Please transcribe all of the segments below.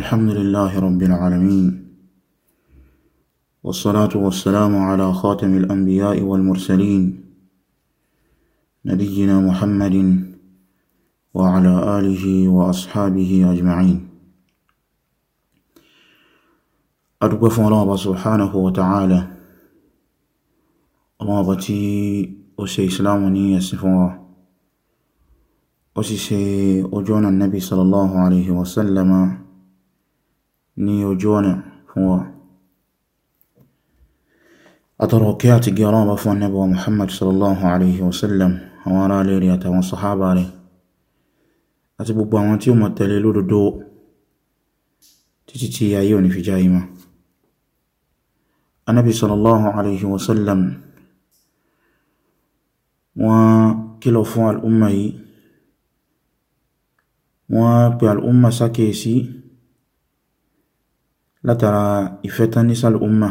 الحمد لله رب العالمين والصلاة والسلام على خاتم الأنبياء والمرسلين نبينا محمد وعلى آله وأصحابه أجمعين أدوك الله سبحانه وتعالى ọlọ́wọ́ تي أسي ṣe ìsìláàmù ní ẹ̀sìn fún wa ó sì ṣe ojú ọ̀nà ní ojú ọ̀nà fún wa àtọ̀rọ̀ kí àti gẹ́ ọlọ́run bá fún Ànábì wa Muhammad sallallahu alaihi wasallam àwọn ará ilé rẹ̀ àtàwọn sàhábà rẹ̀ àti gbogbo àwọn tí ó mọ̀ tẹ̀lé lódodo títí tí ayé òní fi já ìmá Ànábì sallallahu alaihi wasallam wọ́n kìlọ̀ fún al'umma yìí wọ́n pè al'umma sákèsí si, látara ìfẹ́tánísàl umma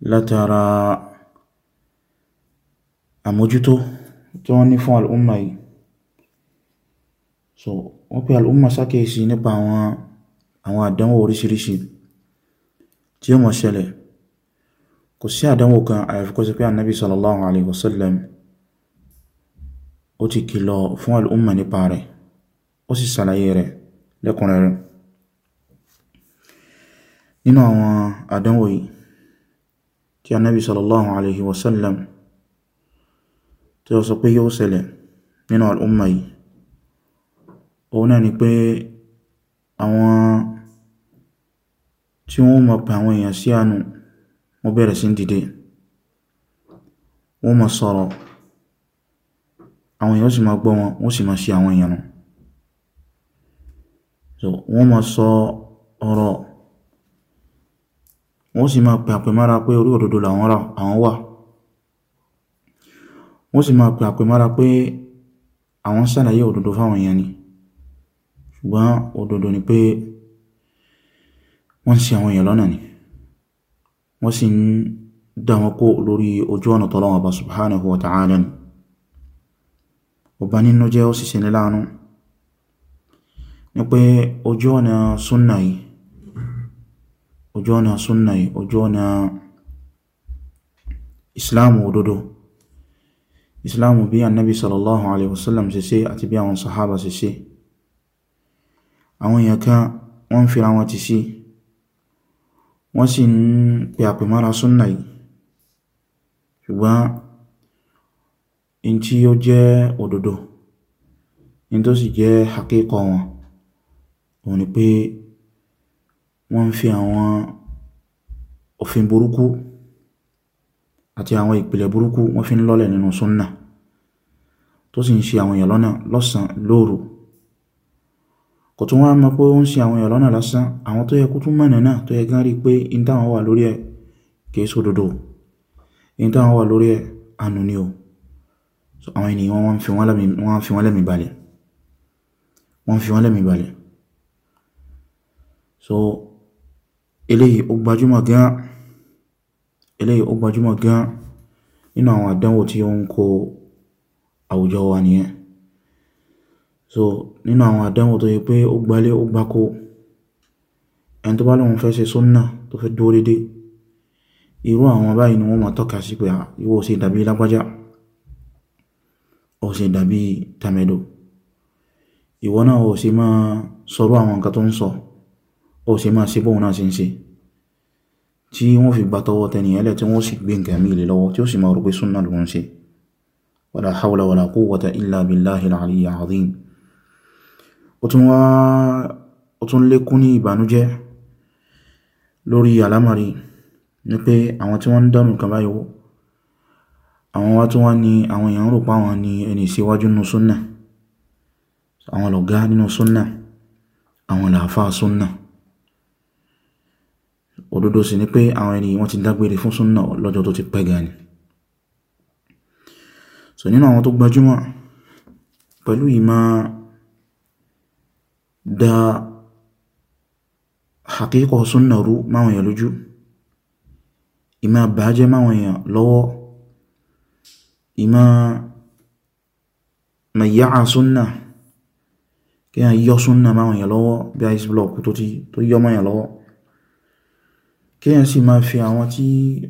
látara àmójútó tí wọ́n ní fún al'umma yìí so wọ́n pè al'umma sákèsí nípa àwọn àwọn àdánwò oríṣiríṣi tí ó mọ̀ ṣẹlẹ̀ kò sí àdánwò kan àyàfikọ́ sí pé annabi sallallahu alaihi wasallam ó ti kìlọ̀ fún al'umma nípa rẹ̀ ó sì sàlàyé rẹ̀ lẹ́kùnrẹ́rẹ́ nínú àwọn àdánwò yìí tí anábi sallallahu alaihi wasallam tí ó sọ pé yóò ṣẹlẹ̀ nínú al'umma yìí òun náà ni pé àwọn tí wọ́n mọ̀ pé àwọn èèyàn sí àánú wọ́n bẹ̀rẹ̀ sí dìde wọ́n mọ̀ sọ̀rọ̀ àwọn èèyàn sì máa gbọ́ wọn wọ́n sì máa ṣe àwọn èèyàn wọ́n mọ̀ sọ ọ̀rọ̀ wọ́n sì máa pè àpèmára pé orí òdodo làwọn wà wọ́n sì máa pè àpèmára pé àwọn ṣàlàyé òdodo fáwọn èèyàn ni ṣùgbọ́n òdodo ni pé wọ́n sì àwọn èèyàn lọ́nà ni wọ́n sì ń dá wọn kó lórí ojú ọ̀nà tọ́lọ́wọ́ ọba subhanahu wa ta'ala ni ọba nínú jẹ́ ó sì ṣe ní láàánú ni pé ojú ọ̀nà súnnà yìí ojú ọ̀nà súnnà yìí ojú ọ̀nà islamu òdodo islamu bí annabi sallallahu alaihi wasallam ṣe ṣe àti bí àwọn sahaba ṣe ṣe àwọn èèyàn kan wọ́n fi ra wọn ti sí wọ́n sì ń pè àpèmára súnnà yìí ṣùgbọ́n in tí ó jẹ́ òdodo in tó sì jẹ́ hakíkọ wọn òun ni pé wọ́n ń fi àwọn òfin burúkú àti àwọn ìpìlẹ̀ burúkú wọ́n fi ń lọ́lẹ̀ nínú súnnà tó sì ń ṣe àwọn èèyàn lọ́nà lọ́sàn lóru kò tún wá mọ̀ pé ó ń ṣe àwọn èèyàn lọ́nà lásán àwọn tó yẹ kó tún mọ̀nà náà tó yẹ gán rí pé in táwọn wà lórí ẹ̀ kìí sódodo in táwọn wà lórí ẹ̀ ànú ni o àwọn ènìyàn wọ́n fi wọ́n lẹ́mìí balẹ̀ wọ́n fi wọ́n lẹ́mìí balẹ̀ so eléyìí ó gbajúmọ̀ gan eléyìí ó gbajúmọ̀ gan nínú àwọn àdánwò tí ó ń kó àwùjọ wa nìyẹn so nínú àwọn àdánwò tó yẹ pé ó gbalé ó gbákó ẹni tó bá lóun fẹ́ ṣe súnnà tó fẹ́ dúró dédé irú àwọn báyìí ni wọ́n máa tọ́ka sí pé ìwọ ṣe dàbí lágbájá ó ṣe dàbí ìwọ náà ó máa sọ̀rọ̀ àwọn nǹkan tó ń sọ so ó ṣe máa ṣe bóun náà ṣe ń ṣe tí wọ́n fi gba tọwọ́ tẹni ẹlẹ́ tí wọ́n sì gbé nǹkan mí lè lọ́wọ́ tí ó sì máa rò pé súnà ló ń ṣe wala hawla wala quwwata illa billahi al-aliyyil azim ó tún lékún ní ìbànújẹ́ lórí àlámàrí ní pé àwọn tí wọ́n ń dánù kan báyìí àwọn wá tí wọ́n ní àwọn èèyàn rò pa wọn ní ẹni ìsíwájú nínú súnà àwọn lọ̀gá nínú súnà àwọn làáfà súnà òdodo sì ni pé àwọn ẹni wọ́n ti dágbére fún súnà lọ́jọ́ tó ti pẹ́ gan ni so nínú àwọn tó gbajúmọ̀ pẹ̀lú ìmá da hakíkọ̀ súnà rú máwọn èèyàn lójú ìmá bàájẹ́ máwọn èèyàn lọ́wọ́ ìmá mayáà súnà kí a yọ súnà máwọn èèyàn lọ́wọ́ bí ice block tó yọ máwọn èèyàn lọ́wọ́ kéèyàn sì máa fi àwọn tí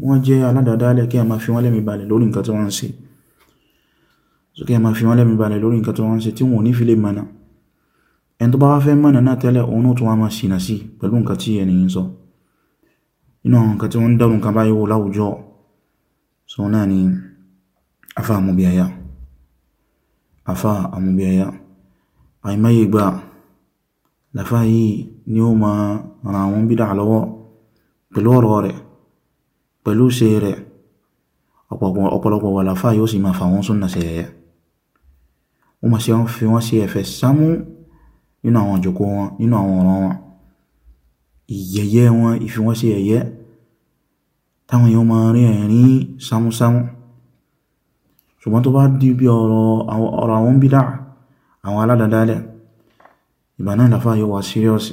wọ́n jẹ́ aládàádálẹ̀ kéèyàn máa fi wọ́n lẹ́mìí balẹ̀ lórí nǹkan tí wọ́n ń ṣe so kéèyàn máa fi wọ́n lẹ́mìí balẹ̀ lórí nǹkan tí wọ́n ń ṣe tí wọ́n ní fi lè mọ̀nà ẹni tó bá wá fẹ́ mọ̀nà náà tẹ́lẹ̀ òun náà tún máa ṣìnà sí pẹ̀lú nǹkan tí ènìyàn ń dẹrù so náà ni afá àmúbíayá afá àmúbíayá àìmáyé gbà làfá yìí ni ó máa pẹ̀lú ọ̀rọ̀ rẹ̀ pẹ̀lú ṣe rẹ̀ ọ̀pọ̀lọpọ̀ wà láfà yóò sì máa fà wọ́n súnà sí ẹ̀yẹ wọ́n máa ṣe wọ́n fi wọ́n sí ẹ̀fẹ̀ sámú nínú àwọn ìjòkó wọn nínú àwọn ọ̀ràn wọn ìyẹyẹ wọn ìfi wọ́n sí ẹ̀yẹ táwọn èèyàn máa rí ẹ̀rín sámúsámú ṣùgbọ́n tó bá di bí ọ̀rọ̀ àwọn bídà àwọn aládàdálẹ̀ ìgbà náà láfà yóò wá síríọ̀sì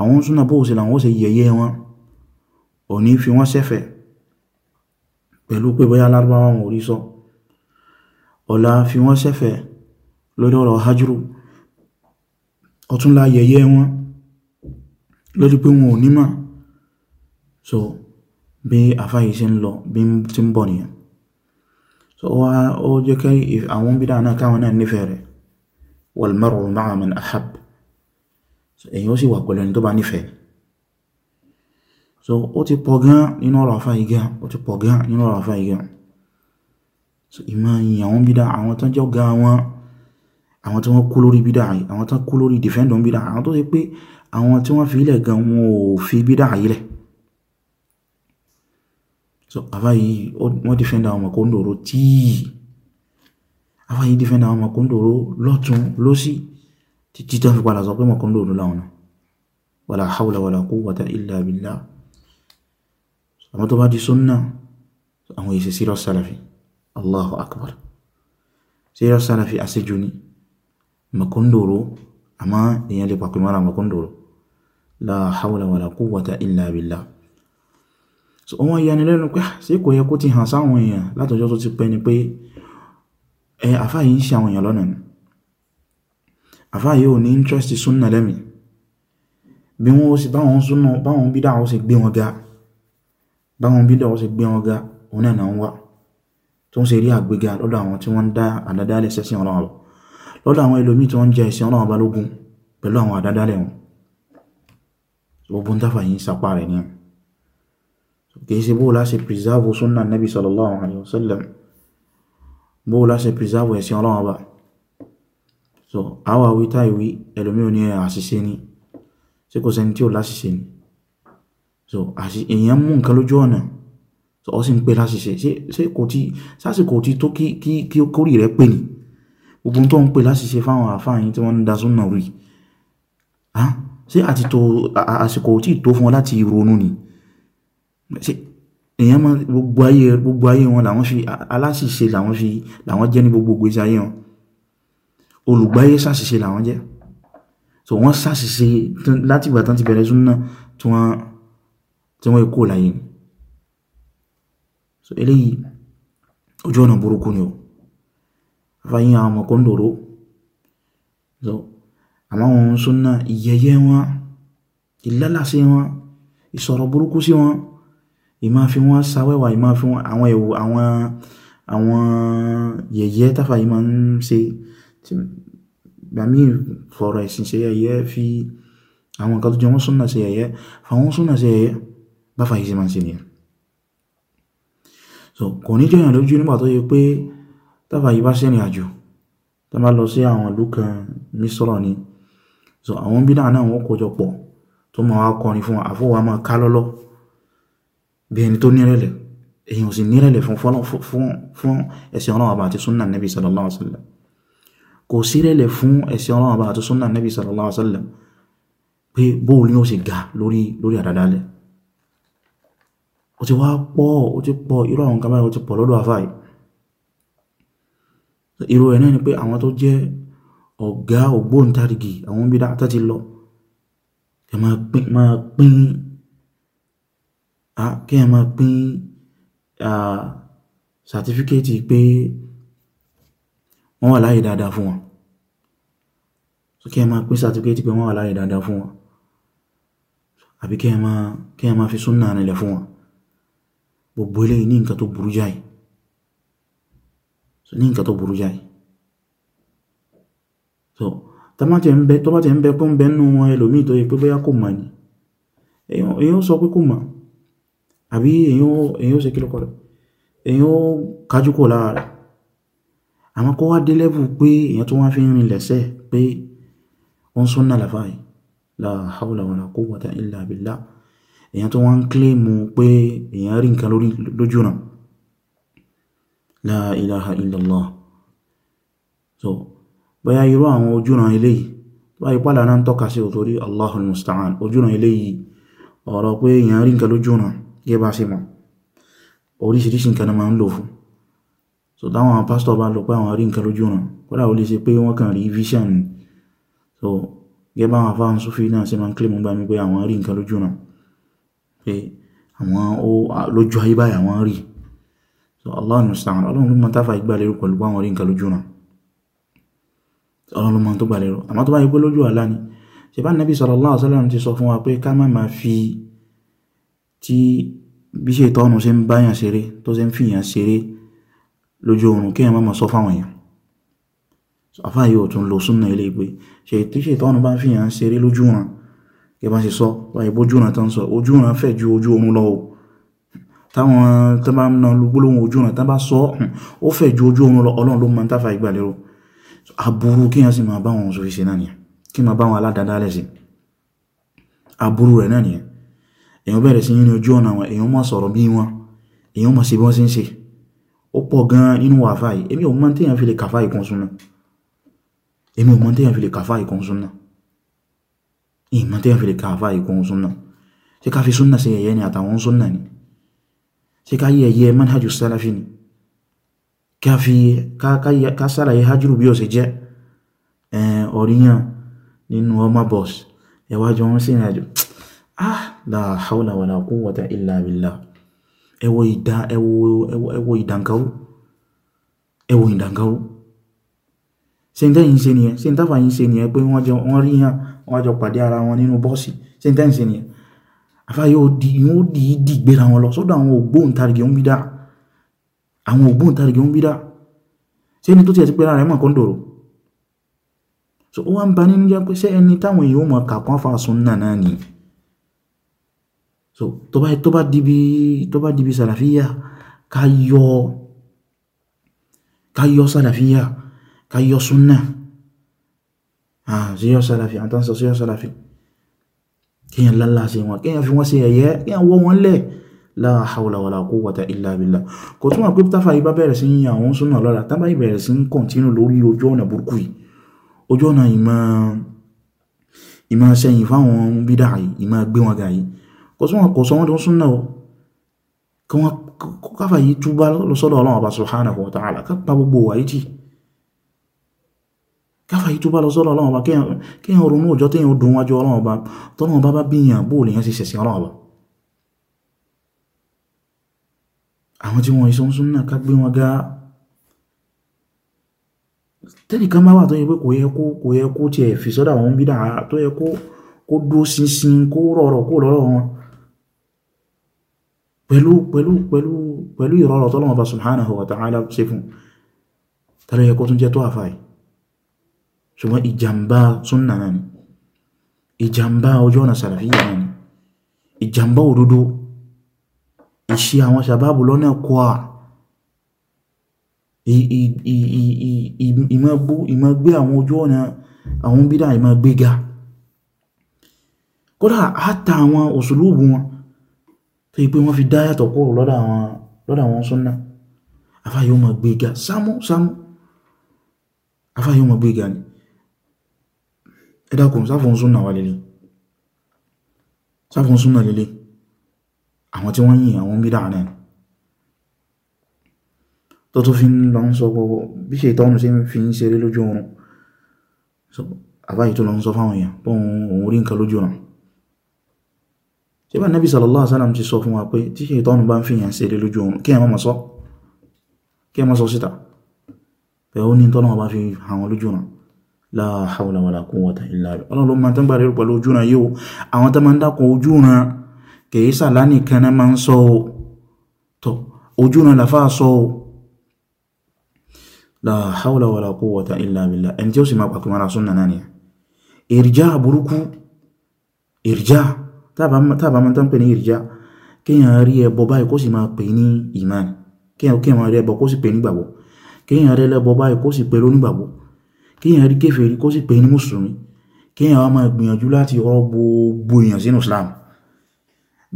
àwọn súnà bó ṣe làwọn ó ṣe yẹ̀yẹ́ wọn ò ní fi wọ́n ṣẹ̀fẹ̀ pẹ̀lú pé bóyá lárúbáwá wọn ò rí sọ ọ̀la fi wọ́n ṣẹ̀fẹ̀ lórí ọ̀rọ̀ hajjúrù ọ̀túnla yẹ̀yẹ́ wọn lórí pé wọn ò nímọ̀ so bí àfáyí ṣe ń lọ bí ti ń bọ̀ nìyàn so wá ó jẹ́ kí àwọn bídá náà káwọn náà nífẹ̀ẹ́ rẹ̀ wal mar'u ma'a èyàn ó sì wà pẹ̀lú ẹni tó bá nífẹ̀ẹ́ so ó ti pọ̀ gan nínú ọ̀rọ̀ afá igá ó ti pọ̀ gan nínú ọ̀rọ̀ afá igá so ìmọ̀ yìí àwọn bídá àwọn tán jọ ga wọn àwọn tí wọ́n kú lórí bídá yìí àwọn tán kú lórí dìfẹ́ndọ̀ bídá àwọn tó ṣe pé àwọn tí wọ́n fi ilẹ̀ gan wọn ò fi bídá yìí lẹ̀ so afá yìí wọ́n dìfẹ́ndọ̀ àwọn mọ̀kóńdòrò tíì afá yìí dìfẹ́ndọ̀ àwọn mọ̀kóńdòrò lọ́tún lọ́sí títí tó fi padà sọ pé mọ̀kún lòdù láwọn náà wàlá hawla wàlá quwwata illa billah àmọ́ tó bá di súnnà àwọn èsì sírọ̀ sálàfí allahu akbar sírọ̀ sálàfí àṣejù ni mọ̀kún lòrò àmọ́ èèyàn lè pàpè mọ́ra mọ̀kún lòrò la hawla wàlá quwwata illa billah so wọ́n yani lẹ́nu pé sí kò yẹ kó ti àfáà yóò ní interest súnà lẹ́mìí bí wọ́n ó sì báwọn súnà báwọn bídà ó sì gbé wọn ga báwọn bídà ó sì gbé wọn ga òun náà wá tó ń ṣe rí àgbéga lọ́dọ̀ àwọn tí wọ́n ń dá àdádálẹ̀ sẹ́sìn ọlọ́run lọ lọ́dọ̀ àwọn ẹlòmíì tí wọ́n jẹ ẹ̀sìn ọlọ́run bá pẹ̀lú àwọn àdádálẹ̀ wọn ogun táfà yìí ń rẹ̀ ni kìí ṣe bóòlá ṣe preserve sunna nabi sallallahu alayhi wa bóòlá ṣe preserve ẹ̀sìn ọlọ́run bá so àwọn àwítá ìwí ẹlòmí oni àṣìṣe ni se kò sẹ́ni tí ó láṣìṣe ni so èèyàn mú nǹkan lójú ọ̀nà so ọ sì ń se láṣìṣe ṣe sa se sásìkò tí tó ki kí kí ó kórì rẹ pè ní gbogbo tó ń pè láṣìṣe fáwọn àfáàyín tí wọ́n ń da súnà rí ha ṣé àti tó àsìkò tí tó fún ọ láti ronú ni ṣe èèyàn mọ gbogbo ayé wọn làwọn fi aláṣìṣe làwọn fi làwọn jẹ́ ní gbogbo gbèsè wọn olùgbáyé ṣàṣìṣe làwọn jẹ́ so wọ́n ṣàṣìṣe láti ìgbà tán ti bẹ̀rẹ̀ súnmọ́ tí wọ́n tí wọ́n kó láyé so eléyìí ojú ọ̀nà burúkú ni o fàyín àwọn ọmọ kọ́ndòrò so àmọ́ wọn súnmọ́ ìyẹyẹ wọn ìlálàsẹ́ wọn ìsọ̀rọ̀ burúkú sí wọn ìmá fi wọn sáwẹ́wà ìmá fi wọn àwọn ẹ̀wò àwọn àwọn tàfà ìmá ń ṣe gbàmí fọ̀rọ̀ ẹ̀sìn ṣe yẹ̀yẹ́ fi àwọn nǹkan tó jẹ wọ́n súnà ṣe yẹ̀yẹ́ fàwọn súnà ṣe yẹ̀yẹ́ bá fàyí sí máa ṣe nìyẹn so kò ní jọyàn lójú nígbà tó yẹ pé táfà bá ṣẹ́rìn àjò tó bá lọ sí àwọn ìlú kan mísọ́rọ̀ ni so àwọn bídà náà wọ́n kójọ pọ̀ tó máa kọrin fún àfọwà máa ká lọ́lọ́ bí ẹni tó nírẹ̀lẹ̀ èèyàn sì nírẹ̀lẹ̀ fún ẹ̀sìn ọlọ́wọ́ àbàtí súnà nẹ́bí sallallahu alaihi kò sírẹ̀lẹ̀ fún ẹ̀sìn ọlọ́run ọba àti súnà nẹ́bí sallallahu alaihi wasallam pé bóòlù ni ó sì ga lórí lórí àdádálẹ̀ ó ti wá pọ̀ ó ti pọ̀ irú àwọn kan báyìí ó ti pọ̀ lọ́dọ̀ àfáì irú ẹ̀ náà ni pé àwọn tó jẹ́ ọ̀gá ògbóǹtarìgì àwọn bídá àtàtì lọ ẹ máa pín máa pín a kí ẹ máa pín sàtífíkẹ́tì pé wọ́n wà láyé dáadáa fún wọn so kí ẹ máa pín sàtífíkẹ́tì pé wọ́n wà láàrin dáadáa fún wọn àbí kí ẹ máa fi súnnà nílẹ̀ fún wọn gbogbo ilé ní nǹkan tó burú jáì so ní nǹkan tó burú jáì so tó bá ti ń bẹ pé ń bẹ nínú wọn ẹlòmíì tó yẹ pé bóyá kò mọ̀ ni èyí ó sọ pé kò mọ̀ àbí èyí ó ṣe kílọ́kọ̀ rẹ̀ èyí ó kájú kò lára rẹ̀ àmọ́ kó wá dé lẹ́bù pé èyàn tó wá fi ń rin lẹ̀sẹ̀ pé wọ́n súnnà làfáà yìí la hawla wala quwwata illa billah èyàn tó wọ́n ń kílèmù pé èyàn rí nǹkan lórí lójú náà la ilaha so bóyá irú àwọn ojúran eléyìí bá ipá lànà ń tọ́ka sí òtórí allahul musta'an ojúran eléyìí ọ̀rọ̀ pé èyàn rí nǹkan náà gẹ́ bá so dáwọn pásítọ̀ bá lò pé àwọn rí nǹkan lójú náà kódà ó so gẹ́gẹ́ bá àwọn afáhàn súfí náà ṣe máa ń kílèmù gbámi pé àwọn rí nǹkan lójú náà pé àwọn lójú ayé báyìí àwọn rí so Allah musta'an ọlọ́run ló mọ táfà ìgbà lérò pẹ̀lú pé àwọn rí nǹkan lójú náà ọlọ́run ló mọ tó gbà lérò àmọ́ tó bá yẹ pé lójú àlá ni ṣe bá nàbí sallallahu alaihi wasallam ti sọ fún wa pé ká má máa fi tí bí ṣe ìtọ́nù ṣe ń báyàn ṣeré tó ṣe ń fìyàn ṣeré lójú oorun kéèyàn má máa sọ fáwọn èèyàn àfáà yóò tún lo súnnà ilé pé ṣe tí ṣètọ́nù bá fi hàn ṣeré lójú wọn gẹ́bá ṣe sọ wáyé bójú wọn tán sọ ojú wọn fẹ̀ ju ojú oorun lọ o táwọn tán bá ń na gbólóhùn ojú wọn tán bá sọ hmm, ó fẹ̀ ju ojú oorun lọ ọlọ́run ló máa ń tàfà ìgbà lérò aburú kí wọ́n sì máa bá wọn sọ ṣe náà nìyẹn kí máa bá wọn aládàáda lẹ̀ sí aburú rẹ̀ náà nìyẹn èèyàn bẹ̀rẹ̀ sí ní ojú ọ̀nà wọn èèyàn máa sọ̀rọ̀ bí wọn èèyàn máa ṣe bí wọ́n ṣe ń ṣe ó pọ̀ gan-an nínú wàfáà yìí èmi ò mọ̀ téèyàn fi lè kàfáà ìkùn súnmọ́ èmi ò mọ̀ téèyàn fi lè kàfà ìkún súnà ìmọ̀ téèyàn fi lè kàfà ìkún súnà ṣé ká fi súnà sí ẹ̀yẹ ni àtàwọn súnà ni ṣé ká yí ẹ̀yẹ manhajù sálàfí ni ká fi ká sàlàyé hajjúrù bí ó ṣe jẹ́ ọ̀ríyàn nínú ọmọ bọ́s ẹwàjọ wọn sí ìrìnàjò ah la hawla wala quwwata illa billah ẹwọ ìdánkarú ẹwọ ìdánkarú ṣe ń tẹ́yìn ṣe nìyẹn ṣe ń táfà yín ṣe nìyẹn pé wọ́n jọ wọ́n rí yàn wọ́n jọ pàdé ara wọn nínú bọ́ọ̀sì ṣe ń tẹ́yìn ṣe nìyẹn àfa yóò di di ìdí gbéra wọn lọ sọ́dọ̀ àwọn ògbóǹtarìgì ń bí dá àwọn ògbóǹtarìgì ń bí dá ṣé ẹni tó tiẹ̀ ti pẹ́ra rẹ̀ mọ̀ kó ń dòrò so ó wá ń ba nínú jẹ́ pé ṣé ẹni táwọn èèyàn mọ̀ kà kán náà náà ni so tó bá tó bá dibi tó bá dibi sàlàfíà ká yọ ká yọ sàlàfíà ká yọ súnnà àṣíyọ́ sálàfí àtànsọ síyọ́ sálàfí kíyàn lálá sí wọn kíyàn fi wọ́n sí ẹ̀yẹ́ kíyàn wọ́ wọn lẹ̀ la hawla wala quwwata illa billah kò túnmọ̀ pé táfà ibá bẹ̀rẹ̀ sí yíyan àwọn súnnà lọ́la tábà ìbẹ̀rẹ̀ sí ń kọ̀ntínú lórí ojú ọ̀nà burúkú yìí ojú ọ̀nà ìmọ̀ ìmọ̀ sẹ́yìn fáwọn bídà yìí ìmọ̀ gbé wọn ga yìí kò sọ wọn kò sọ wọn tó súnnà o kí wọn káfà yìí túbá lọ́sọ́dọ̀ Ọlọ́run Ọba subhanahu wa ta'ala ká pa gbogbo wàyí tì káfà yìí tó bá lọ sọ́rọ̀ ọlọ́wọ́ bá kíyàn ronú òjò tí yàn dùn wájú ọlọ́wọ́ bá tọ́lọ́wọ́ bá bá bíyàn bóòlù yàn sì sẹ̀sẹ̀ ọlọ́wọ́ bá àwọn tí wọ́n ìsọ́n súnnà ká gbé wọn gá tẹ́lì kan bá wà tó yẹ pé kò yẹ kó kò yẹ kó tiẹ̀ fi sọ́dà wọn bí dáa tó yẹ kó kó dúó ṣinṣin kó rọrọ̀ kó lọ́rọ̀ wọn pẹ̀lú pẹ̀lú pẹ̀lú pẹ̀lú ìrọ̀rọ̀ tọ́lọ́wọ́ bá subhanahu wa ta'ala ṣe fún tẹ́lẹ̀ yẹ kó tún jẹ́ tó àfáì ṣùgbọ́n ìjàmbá súnnà náà ni ìjàmbá ọjọ́ ọ̀nà sàràfíyà náà ni ìjàmbá òdodo ìṣe àwọn sàbábù lọ́nà kọ́ à ìmọ̀gbé àwọn ojú ọ̀nà àwọn bídá ìmọ̀gbéga kódà hátà àwọn òṣùlúùbù wọn tó yí pé wọ́n fi dáyàtọ̀ kúrò lọ́dà àwọn súnnà afáyọ́ mọ̀ gbéga sámú sámú afáyọ́ mọ̀ gbéga ni ẹ dákun sáfún súnà wà lélẹ̀ sáfún súnà lélẹ̀ àwọn tí wọ́n yìn àwọn bídà náà tó tó fi ń lọ ń sọ gbogbo bí ṣe ìtọ́nù sí fi ń ṣeré lójú oorun àbáyé tó lọ ń sọ fáwọn èèyàn pé òun rí nǹkan lójú oorun ṣé bá la hawla wala quwwata illa billah ọlọ́run ló máa tán gbà lérò pẹ̀lú ojúran yíò àwọn tó máa ń dákun ojúran kìí sàlá nìkan náà máa ń sọ o tọ ojúran làfà sọ o la hawla wala quwwata illa billah ẹni tí ó sì máa pàpẹ́ mara súnnà náà ni ìrìjá burúkú ìrìjá tábà máa tán pè ní ìrìjá kéèyàn rí ẹbọ báyìí kó sì kéèyàn rí kèfèrí kó sì pè ní mùsùlùmí kéèyàn wá máa gbìyànjú láti rọ gbogbo èèyàn sínú Islam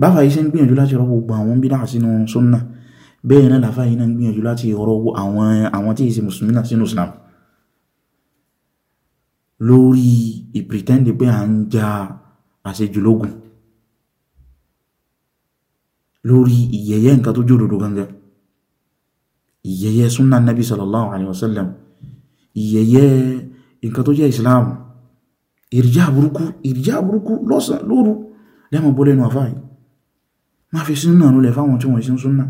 báfà yìí ṣe ń gbìyànjú láti rọ gbogbo àwọn bídà sínú sunna bẹ́ẹ̀ náà làfà yìí náà ń gbìyànjú láti rọ àwọn àwọn tí ìṣe mùsùlùmí náà sínú Islam lórí ìpìtẹ́ndì pé à ń ja àṣejùlógún lórí ìyẹyẹ nǹkan tó jòdòdó gangan ìyẹyẹ sunna nabi sallallahu alaihi wasallam ìyẹ̀yẹ́ nǹkan tó jẹ́ islam ìrìjá burúkú ìrìjá burúkú lọ́sàn lóru lẹ́mọ̀ bó lẹ́nu àfáà yìí má fi súnà nílẹ̀ fáwọn tí wọ́n sí súnà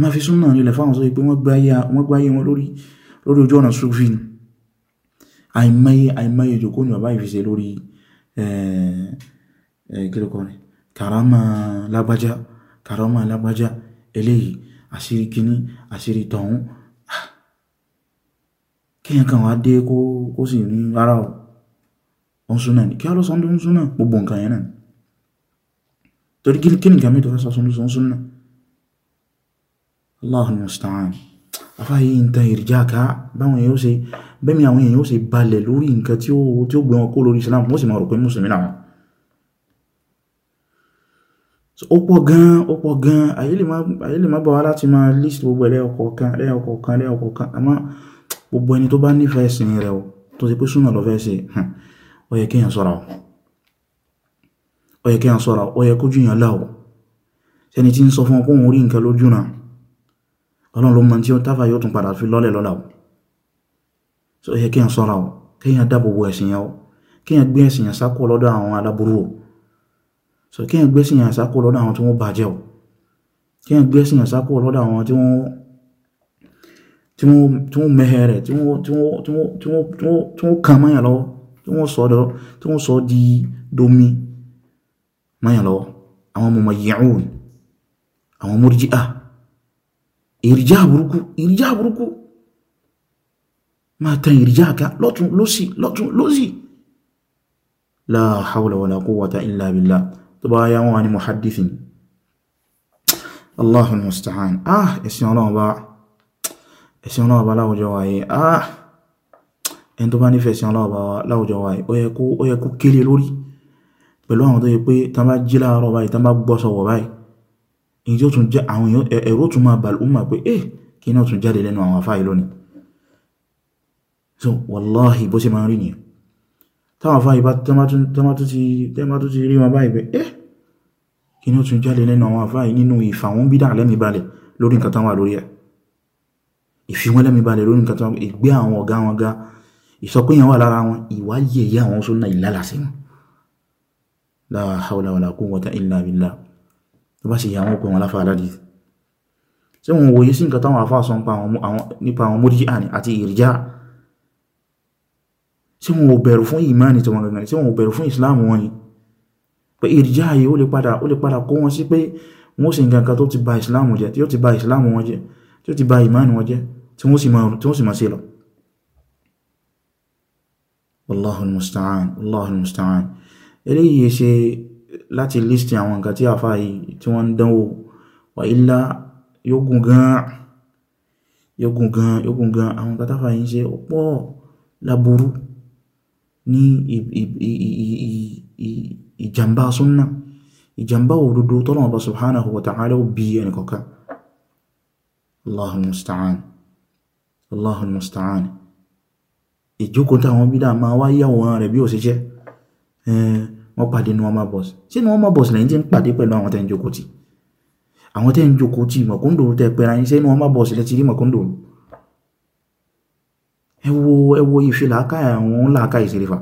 má fi súnà nílẹ̀ fáwọn tó yí pé wọ́n gbáyé wọn lórí lórí ojú ọ̀nà sufi ni àìmáyé àìmáyé ìjòkó ni bàbá ìfisẹ̀ lórí kílùkọrin karama labaja karama labaja eléyìí àṣírí kíní àṣírí tọ̀hún kíyàn kan wá dé kó sì rí rárá o ọ̀n súnà ní kí á lọ sọ ọdún súnà gbogbo nǹkan yẹn náà torí kí ní gàmí tó fẹ́ sọ ọdún súnà Allahu musta'an afáyí ń tan ìrìjá ká báwọn yóò ṣe bẹ́mi àwọn èèyàn yóò ṣe balẹ̀ lórí nǹkan tí ó tí kó lórí Islam wọ́n máa rò pé mùsùlùmí làwọn ó pọ̀ gan ó pọ̀ gan ayé lè má bọ̀ wá láti máa list gbogbo ẹlẹ́ọ̀kọ̀ọ̀kan lẹ́ọ̀kọ̀ọ̀kan lẹ́ọ̀kọ̀ọ̀kan àmọ́ gbogbo ẹni tó bá nífẹ̀ẹ́ sin rẹ̀ o tó ti pé súnà lọ fẹ́ ṣe ó yẹ kéèyàn ṣọ́ra o ó yẹ kéèyàn ṣọ́ra ó yẹ kójú yàn láwọ̀ sẹni tí ń sọ fún ọ orí nǹkan lójú náà ọlọ́run ló mọ tí ó táfà yóò tún padà fi lọ́lẹ̀ lọ́la so ó yẹ kéèyàn ṣọ́ra o kéèyàn dáàbòbò ẹ̀sìn yẹn o kéèyàn gbé ẹ̀sìn yẹn so kéèyàn gbé ẹ̀sìn yẹn sákò lọ́dọ̀ àwọn tí wọ́n bàjẹ́ o kéèyàn gbé ẹ̀sìn yẹn sákò tí wọ́n mẹ́hẹ̀ rẹ̀ tí wọ́n kàn mọ́yàn lọ́wọ́ tí wọ́n sọ di domi mọ́yàn lọ́wọ́ àwọn mumayyi'un àwọn murji'ah ìrìjá burúkú ìrìjá burúkú máa tan ìrìjá àká lọ́tún lọ́sì lọ́tún lọ́sì la hawla wala quwwata illa billah tó bá yá wọn ni muhaddithin allahul musta'an ah ẹ̀sìn ọlọ́run bá ẹ̀sìn ọlọ́ọ̀bá láwùjọ wa yìí ah ẹni tó bá nífẹ̀ẹ́ sí ọlọ́ọ̀bá láwùjọ wa yìí ó yẹ kó kéré lórí pẹ̀lú àwọn tó yẹ pé tán bá jí láàárọ̀ báyìí tán bá gbọ́sọ̀wọ̀ báyìí èyí tún jẹ́ àwọn èèyàn ẹ̀rọ tún máa bàlú mà pé eh kí náà tún jáde lẹ́nu àwọn afáyìí lónìí so wallahi bó ṣe máa rí nìyẹn táwọn afáyìí bá tán ti rí wọn báyìí pé eh kí náà tún jáde lẹ́nu àwọn afáyìí nínú ìfàwọn bídà lẹ́mìí balẹ̀ lórí nǹkan táwọn àlórí ẹ̀ ìfiwọ́nlẹ́mìbalẹ̀ lórí nǹkan tó wọ́n ìgbé àwọn ọ̀gá wọn ga ìsọkúnyàn wà lára wọn ìwà yẹ̀yẹ́ àwọn súnà ìlàlàsí wọn la hawla wala quwwata illa billah tó bá sì yà wọn pẹ̀wọ̀n láfà aládì tí wọn wòye sí nǹkan táwọn afáàsọ nípa àwọn mórí àní àti ìrìjá tí wọn ò bẹ̀rù fún ìmáni tí wọn gangan tí wọn ò bẹ̀rù fún ìsìláàmù wọn ni pé ìrìjá yìí ó lè padà ó lè padà kó wọn sí pé wọn sì nǹkan kan tó ti ba ìsìláàmù jẹ́ tí ó ti ba ìsìláàmù wọn jẹ́ tí ó ti ba ìmáni wọn jẹ́ tí wọ́n sì máa ṣe lọ wallahul musta'an wallahul musta'an eléyìí ṣe láti listi àwọn nǹkan tí àfáà yìí tí wọ́n ń dánwò wà ilá yógun gan yógun gan yógun gan àwọn nǹkan táfáà yìí ṣe pọ̀ láburú ní ìjàmbá súnnà ìjàmbá òdodo tọ́lọ́wọ́ subhanahu wa ta'ala bí ẹnìkọ̀ọ̀kan allahul musta'an Allahu musta'an ìjókòó táwọn bídà máa wá yàwòrán rẹ̀ bí ó ṣe jẹ́ wọ́n pàdé ní normal bus ṣé ní normal bus lẹ́yìn tí ń pàdé pẹ̀lú àwọn tẹ́ ń jókòó tì àwọn tẹ́ ń jókòó tì mọ̀kúndò tẹ́ pẹ́ra yín ṣé ní normal bus lẹ́ ti rí mọ̀kúndò ẹ wo ẹ wo ìfi làákà àwọn làákà ìṣèlérà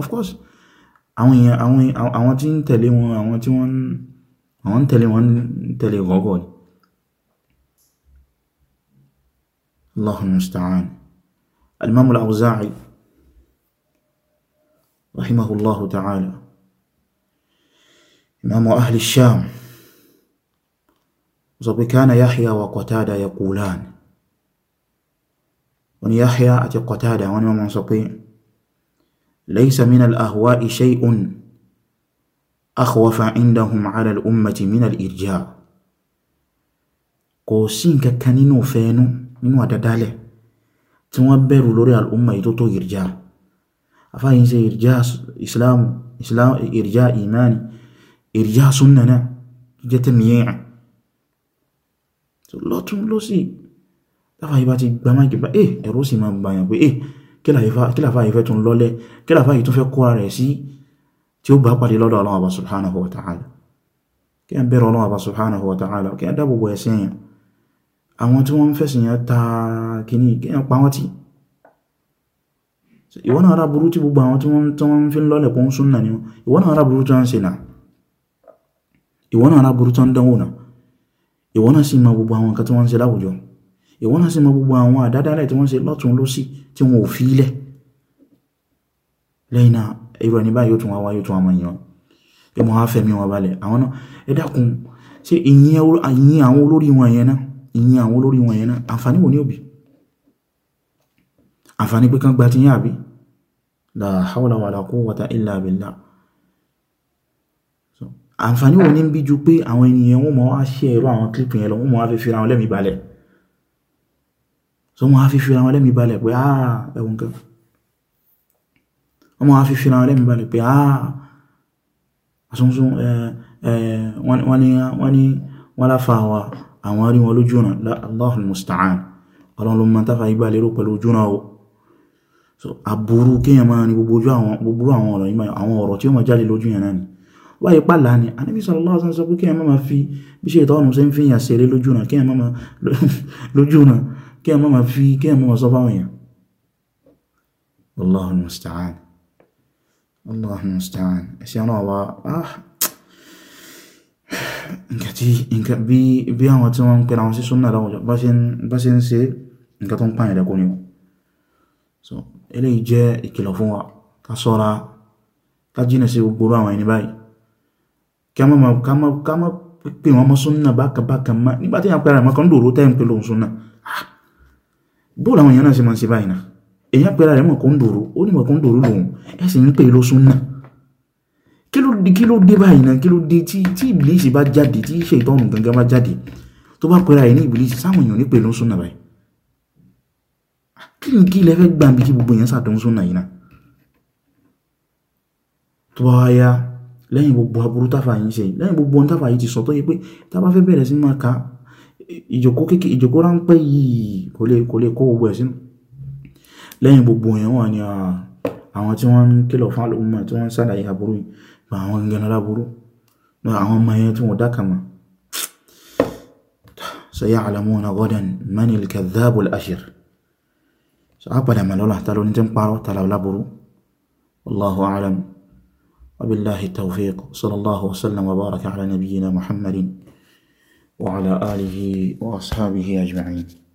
of course àwọn èèyàn àwọn àwọn tí ń tẹ̀lé wọn àwọn tí wọ́n àwọn الله المستعان الإمام الأوزاعي رحمه الله تعالى إمام أهل الشام كان يحيى وقتادة يقولان وني يحيى أتي قتادة وني صبي ليس من الأهواء شيء أخوف عندهم على الأمة من الإرجاع قوسين ككنين فينو nínú àdádálẹ̀ tí wọ́n bẹ̀rù lórí al'umma yìí tó tó ìrìjá afáyín ṣe ìrìjá islamu islam ìrìjá imani ìrìjá súnnà náà jẹ́ tẹ́mìyàn tó lọ́tún ló sì láfà ibá ti gbá máa gbá eh ẹ̀rọ sì máa bàyàn pé eh kílàfà ìfẹ́ tún lọ́lẹ̀ kílàfà ìtún fẹ́ kóra rẹ̀ sí tí ó bá pàdé lọ́dọ̀ Ọlọ́run Ọba subhanahu wa ta'ala kí a bẹ̀rẹ̀ Ọlọ́run Ọba subhanahu wa ta'ala kí a dábòbò ẹ̀sìn àwọn tí wọ́n ń fẹ̀sìn yẹn ta kìíní kéèyàn pa wọ́n tì ìwọ náà ráburú tí gbogbo àwọn tí wọ́n fi ń lọ́lẹ̀ pọ́n súnnà ni ìwọ náà ráburú tí wọ́n ń ṣe náà ìwọ náà ráburú tí wọ́n ń dánwò náà ìwọ náà sì mọ gbogbo àwọn nǹkan tí wọ́n ń ṣe láwùjọ ìwọ náà sì mọ gbogbo àwọn àdádálẹ̀ tí wọ́n ṣe lọ́tún lọ́sì tí wọn ò fi ilẹ̀ lẹ́yìn náà irú ẹni báyìí yóò tún wá ìyẹn àwọn olórí wọn yẹn náà àǹfààní wò ní òbí àǹfààní pé kán gba ti yín àbí la hawla wala quwwata illa billah àǹfààní wò ní ń bí ju pé àwọn ènìyàn wọn máa wá ṣe ẹ̀rọ àwọn clip yẹn lọ máa fi fira wọn lẹ́mìí balẹ̀ so wọn máa fi fira wọn lẹ́mìí balẹ̀ pé áà ah, ẹ̀wọ̀n nǹkan wọn máa fi fira wọn lẹ́mìí balẹ̀ pé áà ah, àsunsun eh, eh, wọ́n ní wọ́n ní wọ́n láfa wa àwọn arí wọn lójú ọ̀nà Allahul musta'an ọlọ́run ló mọ́ táfà igbá lérò pẹ̀lú ojú náà o so aburú kéèyàn máa ní gbogbo àwọn ọ̀rọ̀ yìí àwọn ọ̀rọ̀ tí ó mọ̀ jáde lójú yẹn náà ni wáyé pàlà ni anábì sallallahu alaihi wasallam sọ pé kéèyàn máa fi bí ṣe ìtọ́nù ṣe ń fi yàn ṣeré lójú náà kéèyàn máa lójú náà nǹkan tí nǹkan bi, bí àwọn tí wọ́n ń pẹ́ra wọn sí súnnà láwùjọ bá ṣe ń ṣe nǹkan tó ń pààyàn lẹ́kọ́ ni so eléyìí jẹ́ ìkìlọ̀ fún wa ká sọ́ra ká jìnà sí gbogbo àwọn ẹni báyìí ká má pè wọ́n mọ́ súnnà bákàbákan má nígbà tí àpẹẹrẹ àmọ́ kan dòrò tẹ́ ń pè lóhun súnnà ah! bóòlù àwọn èèyàn náà ṣe máa ń ṣe báyìí náà èèyàn pẹ̀lú rẹ̀ mọ̀ ń dòrò ó ní mọ̀ kó ń dòrò lòun ẹ̀ ń pè ló súnnà kí ló dé báyìí náà kí ló dé tí tí ìbílísì bá jáde tí ṣètọ́nù gangan bá jáde tó bá pera ẹ̀ ní ìbílísì sáwọn èèyàn nípe ló ń súnà báyìí kí ni kí ilẹ̀ fẹ́ gbàǹbí kí gbogbo èèyàn sàtọ́ ń súnà yìí náà tó bá wá yá lẹ́yìn gbogbo aburú táfà yìí ṣe lẹ́yìn gbogbo ohun táfà yìí ti sọ tó yẹ pé tá bá fẹ́ bẹ̀rẹ̀ sí máa ka ìjòkó kéèké ìjòkó ráńpẹ́ yìí kò lè kò lè kó gbogbo ẹ̀ sínú lẹ́yìn gbogbo yẹn wà ní ah, àwọn tí wọ́n ń kìlọ̀ fún àlùmọ̀ tí wọ́n ń sàlàyé aburú yìí àwọn gangan aláburú àwọn ọmọ yẹn tí wọ́n dákàmà saya'lamuna ghadan manil kadhdhabul ashir so a padà mẹ́lọ́lá tàbí oní tí ń parọ́ tàbí aláburú wallahu a'lam وبالله التوفيق صلى الله وسلم وبارك على نبينا محمد وعلى آله وأصحابه أجمعين